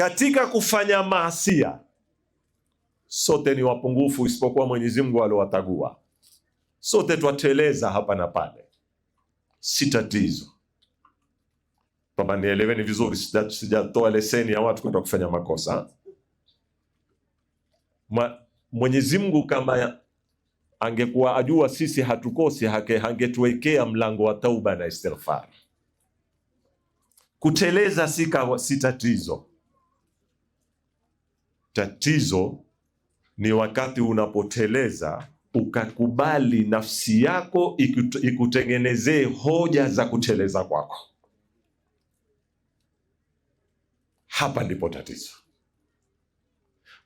katika kufanya maasia sote ni wapungufu, isipokuwa Mwenyezi Mungu aliowatagua sote. Twateleza hapa na pale, si tatizo. Kwamba nieleweni vizuri, sijatoa leseni ya watu kwenda kufanya makosa. Mwenyezi Mungu kama angekuwa ajua sisi hatukosi, hangetuwekea mlango wa tauba na istighfar. Kuteleza si tatizo Tatizo ni wakati unapoteleza ukakubali nafsi yako ikutengenezee hoja za kuteleza kwako. Hapa ndipo tatizo,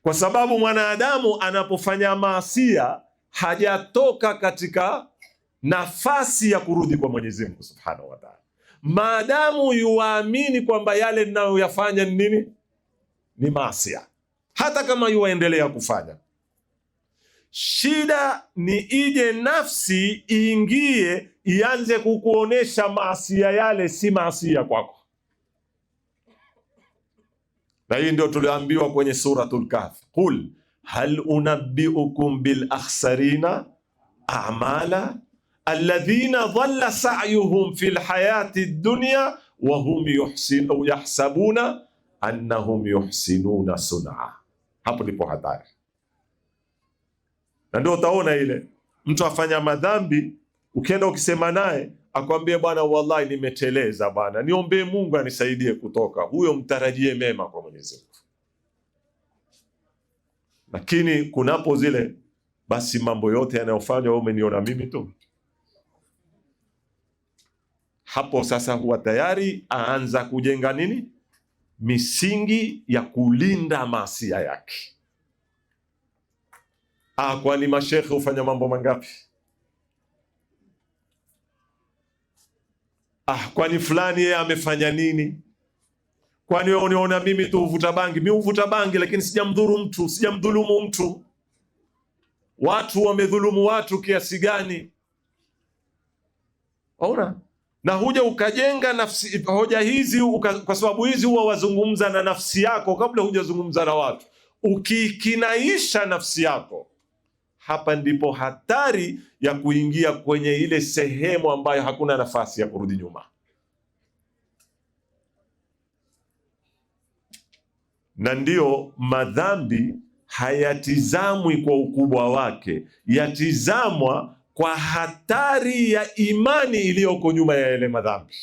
kwa sababu mwanadamu anapofanya maasia hajatoka katika nafasi ya kurudi kwa Mwenyezi Mungu Subhanahu wa Ta'ala, maadamu yuwaamini kwamba yale ninayoyafanya ni nini, ni maasia hata kama yuwaendelea kufanya. Shida ni ije nafsi iingie, ianze kukuonesha maasia yale si maasia kwako, na hii ndio tulioambiwa kwenye Suratul Kahfi, qul hal unabbiukum bil akhsarina a'mala alladhina dhalla sa'yuhum fi lhayati dunya wa hum yuhsin, yahsabuna annahum yuhsinuna sun'a hapo ndipo hatari, na ndio utaona ile mtu afanya madhambi, ukienda ukisema naye akwambie, bwana, wallahi nimeteleza bwana, niombee Mungu anisaidie kutoka. Huyo mtarajie mema kwa Mwenyezi Mungu, lakini kunapo zile basi mambo yote yanayofanywa wewe umeniona mimi tu, hapo sasa huwa tayari aanza kujenga nini misingi ya kulinda maasia yake. Ah, kwani mashekhe hufanya mambo mangapi? Ah, kwani fulani yeye amefanya nini? Kwani wewe uniona mimi tu uvuta bangi? Mi uvuta bangi, lakini sijamdhuru mtu, sijamdhulumu mtu. Watu wamedhulumu watu kiasi gani? Waona na huja ukajenga nafsi hoja hizi uka, kwa sababu hizi huwa wazungumza na nafsi yako kabla hujazungumza na watu, ukikinaisha nafsi yako. Hapa ndipo hatari ya kuingia kwenye ile sehemu ambayo hakuna nafasi ya kurudi nyuma. Na ndiyo madhambi hayatizamwi kwa ukubwa wake, yatizamwa kwa hatari ya imani iliyoko nyuma ya yale madhambi.